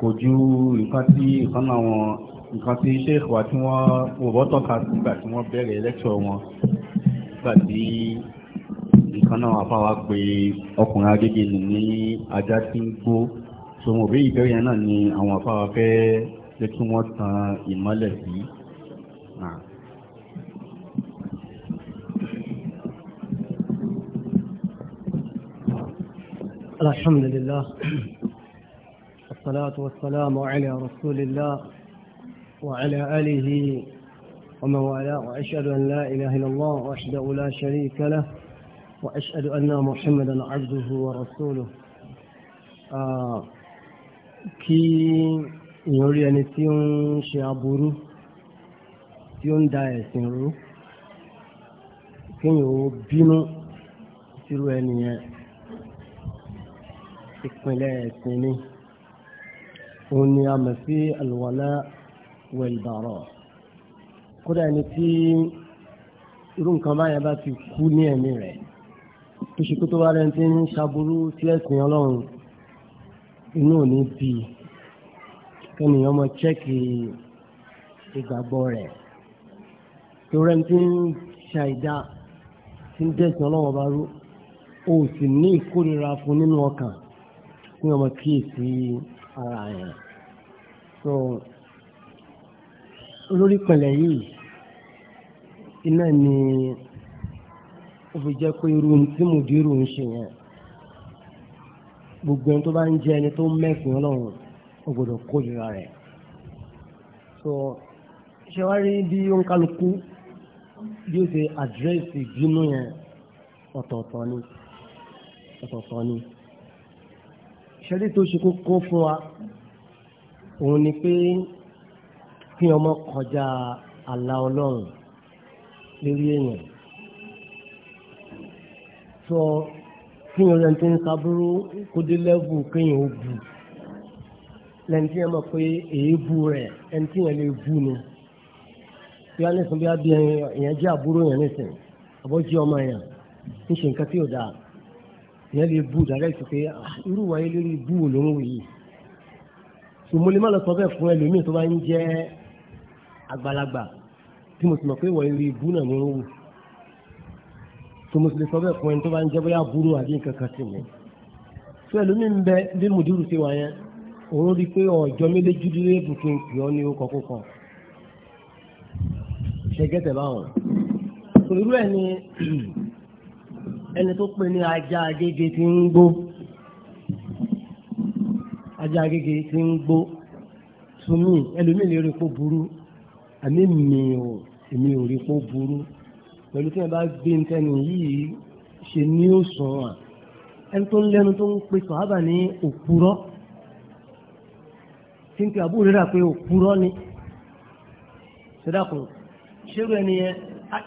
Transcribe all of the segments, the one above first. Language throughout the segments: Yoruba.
kò ju nǹkan tí nǹkan náà wọn nǹkan tí sheikh wa tí wọ́n wọ́n tọ́ka nígbà tí wọ́n bẹ̀rẹ̀ lẹ́kṣọ̀ wọn nígbà tí nǹkan náà wà fáwa pé ọkùnrin agége nì ní ajá tí ń gbó so mo bí ìbéèrè yẹn náà ni àwọn àfáwa fẹ́ jẹ́ kí wọ́n tan ìmọ́lẹ̀ sí. Alhamdulillah والصلاة والسلام على رسول الله وعلى آله ومن والاه وأشهد أن لا إله إلا الله وحده لا شريك له وأشهد أن محمدا عبده ورسوله كي آه، kí أن rí شعبورو tí ó سنرو كي aburú tí ó ń da òun ni a mọ̀ sí alùwàlá wẹ̀lbàrọ̀ kódà ẹni tí irú nǹkan báyẹn bá ti kú ní ẹ̀mí rẹ̀ tó ṣe kó tó bá rẹ̀ ti ń ṣaburú sí ẹ̀sìn ọlọ́run inú ò ní bí kẹ́nìyàn mọ chẹ́ẹ̀kì ìgbàgbọ́ rẹ̀ tó rẹ̀ ti ń ṣàìdá tí ń dẹ̀sìn ọlọ́run bá rú o sì ní ìkórira fún nínú ọkàn kí wọ́n mọ kíyèsí ara yẹn so lórí pẹ̀lẹ́ yìí iná ni ó fi jẹ́ pé irú tí mo dírò ń ṣe yẹn gbogbo ẹni tó bá ń jẹ ẹni tó mẹ́sìn ọlọ́run ó gbọ́dọ̀ kórìíra rẹ̀ so ṣe wá rí bí ó ń kálukú bí ó ṣe àdírẹ́sì ìbínú yẹn ọ̀tọ̀ọ̀tọ̀ ni ọ̀tọ̀ọ̀tọ̀ ni ṣẹ́lí tó ṣe kókó fún wa òun ni pé kí ọmọ kọjá àlà ọlọ́run lórí èèyàn sọ kí ọ̀rẹ́ ẹni tó ń sábúrú kó dé lẹ́bù kéèyàn ó bù lẹ́ni tí yẹn mọ̀ pé èébù rẹ̀ ẹni tí yẹn lè bù ni bí wọ́n nísìn bí wọ́n bí èèyàn jẹ́ àbúrò yẹn nísìn àbọ̀jì ọmọ yẹn ń ṣe nǹkan tí ò dáa yẹn lè bù dáadáa ìsìnkú irú wáyé lórí bù ló yìí sùmọ́lé má lọ sọ bẹ́ẹ̀ fún ẹlòmíì tó bá ń jẹ́ àgbàlagbà tí mo sì mọ̀ pé wọ́n rí ibú náà ní wù tó mo sì lè sọ bẹ́ẹ̀ fún ẹni tó bá ń jẹ́ bóyá burú àbí nǹkan kan sì ní. sọ ẹlòmíì ń bẹ bí mùdírù ti òun rí i pé ọ̀jọ́ méjèèjì dúró ebùkún pè ọ́ ní orúkọ kókọ. ṣẹ́gẹ́tẹ̀ báwọn. irú ẹ̀ ẹni tó pe ní ajá agége ti ń gbó ajá gègé ti ń gbó sumi ẹlòmíì lè rí kó burú àmì mi ò èmi ò rí kó burú pẹ̀lú tí wọ́n bá gbé ntẹ́nu yìí ṣe ní òsùn wa ẹni tó ń lẹ́nu tó ń pe sọ̀hábà ní òpùrọ́ tí ń pe àbúrò rírà pé òpùrọ́ ni ṣẹ́dàkùn ṣérú ẹni yẹn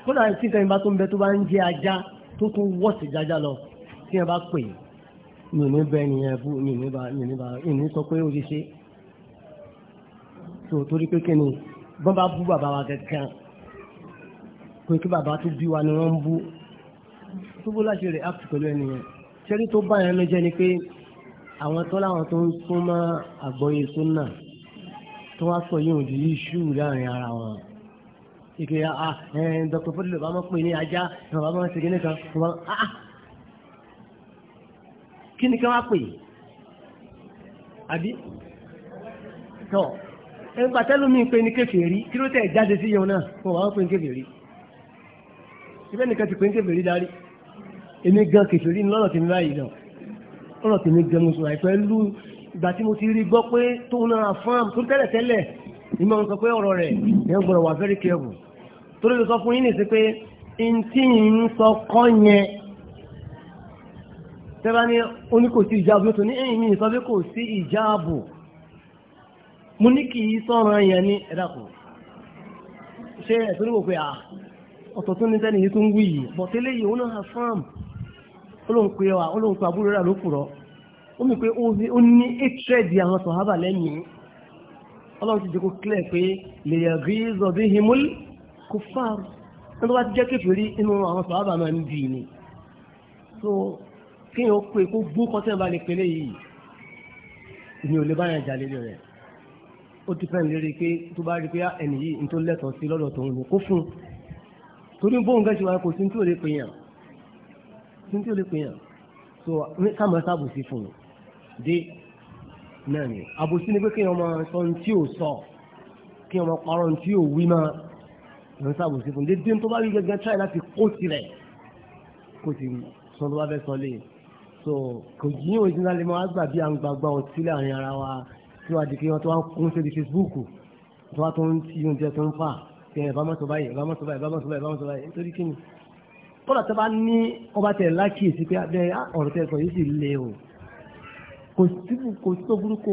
kódà tí ìtẹ́yìn bá tó ń bẹ tó bá ń jẹ ajá tó tún wọ́ọ̀sì jájá lọ tí wọ́n bá pè é mi ní bẹ́ẹ̀ nìyẹn bú mi ní bá mi bá mi sọ pé ó ti ṣe tó torí pé kí ni bọ́n bá bú bàbá wa kankan pé kí bàbá tó bí wa ni wọ́n ń bú tó bó láti rè áàpù pẹ̀lú ẹnìyẹn ṣẹ́rí tó bá yẹn lọ́jọ́ ni pé àwọn tó láwọn tó ń súnmọ́ àgbọ̀yé súnà tó wá sọ yóò di iṣu láàrin ara wọn ìkẹyà ah ẹ eh, dr fọdùlù bá máa pè ní ajá bàbá máa ṣe kí nìkan bàbá ah, ah kí ni ká wá pè àbí tọ́ ẹgbà tẹ́lómi pé ní kèfèrí kí ló tẹ̀ jáde sí yẹun náà kó wọ́n pè ní kèfèrí ibẹ̀ nìkan ti pè ní kèfèrí darí èmi gan kèfèrí ní lọ́nà tèmi báyìí náà lọ́nà tèmi gan mo sùn àìpẹ́ lú ìgbà tí mo ti rí gbọ́ pé tóun náà fáàm tó tẹ́lẹ̀ tẹ́lẹ̀ ìmọ̀ nǹkan pé ọ̀rọ̀ rẹ̀ ẹ̀ gbọ́dọ̀ wà very careful torí lè sọ fún yín nìsí pé ntí ń sọ kọ́ yẹn tẹ́bá ní oní kò sí ìjáàbù tó ní ẹ̀yìn mi sọ pé kò sí ìjáàbù mo ní kì í sọ̀rọ̀ yẹn ní ẹ̀dá kù ṣé ẹ̀sùn níwò pé ah, ọ̀tọ̀ tó ní sẹ́ni yìí tó ń wí yìí bọ̀ tẹ́lẹ̀ yìí ó náà fáàm olóńpẹ wa olóńpẹ àbúrò rẹ̀ ló kùrọ̀ ó mi pé ó ní étrẹ́dì àwọn sọ̀hábà lẹ́yìn ọlọ́run ti jẹ́ kílẹ̀ pé lè yàgbé kéèyàn pé kó gbó kọ́ńtẹ́nà bá lè pélé yìí ìyẹn ò lè bá yẹn jà lélẹ̀ rẹ̀ ó ti fẹ́ràn lérí pé tó bá rí pé ah, ẹnì yìí ní tó lẹ́tọ̀ọ́ sí lọ́dọ̀ tó ń lò kó fún un torí bóun gẹ́sì wa kò sí tí ò lè pè yàn sí tí ò lè pè yàn so káàmù ẹ̀sà àbòsí fún un dé náà ni àbòsí ni pé kéèyàn máa sọ ohun tí ò sọ kéèyàn máa parọ́ ohun tí ò wí máa ń sàbòsí fún un dédé tó bá rí gẹ́gẹ́ tíráì láti kó tirẹ̀ kó ti sọ ló bá fẹ́ sọ léyìn so kò yí òjìnlálẹ̀ máa gbà bí àwọn gbàgbà ọtí láàrin ara wa tí wàá di pé wọ́n tó wá kún sí Facebook tó wá tó ń ti oúnjẹ tó ń fà ṣe ẹ̀ bá mọ́tò báyìí bá mọ́tò báyìí bá mọ́tò báyìí bá mọ́tò báyìí nítorí kí ni kọ́lá tó bá ní ọba tẹ̀ lákìyèsí pé abẹ́ ah, ah, ọ̀rọ̀ tẹ̀ sọ yìí sì le o kò sí kò sí tó burúkú